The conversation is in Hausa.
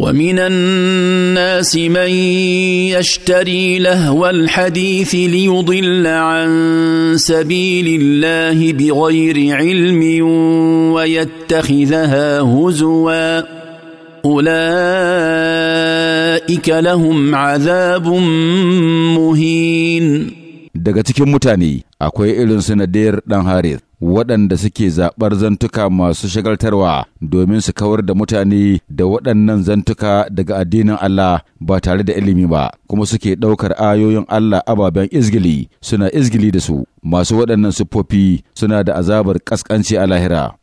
ومن الناس من يشتري لهو الحديث ليضل عن سبيل الله بغير علم ويتخذها هزوا اولئك لهم عذاب مهين daga cikin mutane akwai irin sanadiyar ɗan harith waɗanda suke zaɓar zantuka masu shagaltarwa domin su kawar da mutane da waɗannan zantuka daga addinin Allah ba tare da ilimi ba, kuma suke ɗaukar ayoyin Allah ababen izgili suna izgili da su, masu waɗannan siffofi suna da azabar ƙasƙanci a lahira.